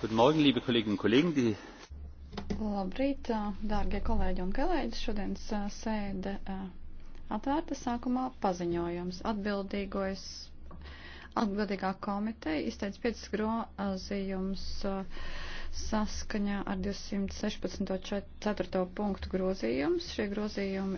Guten Morgen, liebe Kolleginnen und Kollegen. Die... Labrīt, dārgie kolēģi un kolēģis. Šodienas sēde atvērta sākumā paziņojums. Atbildīgojas atbildīgā komiteja izteica 5 grozījums saskaņā ar 216.4. punktu grozījums. Šie grozījumi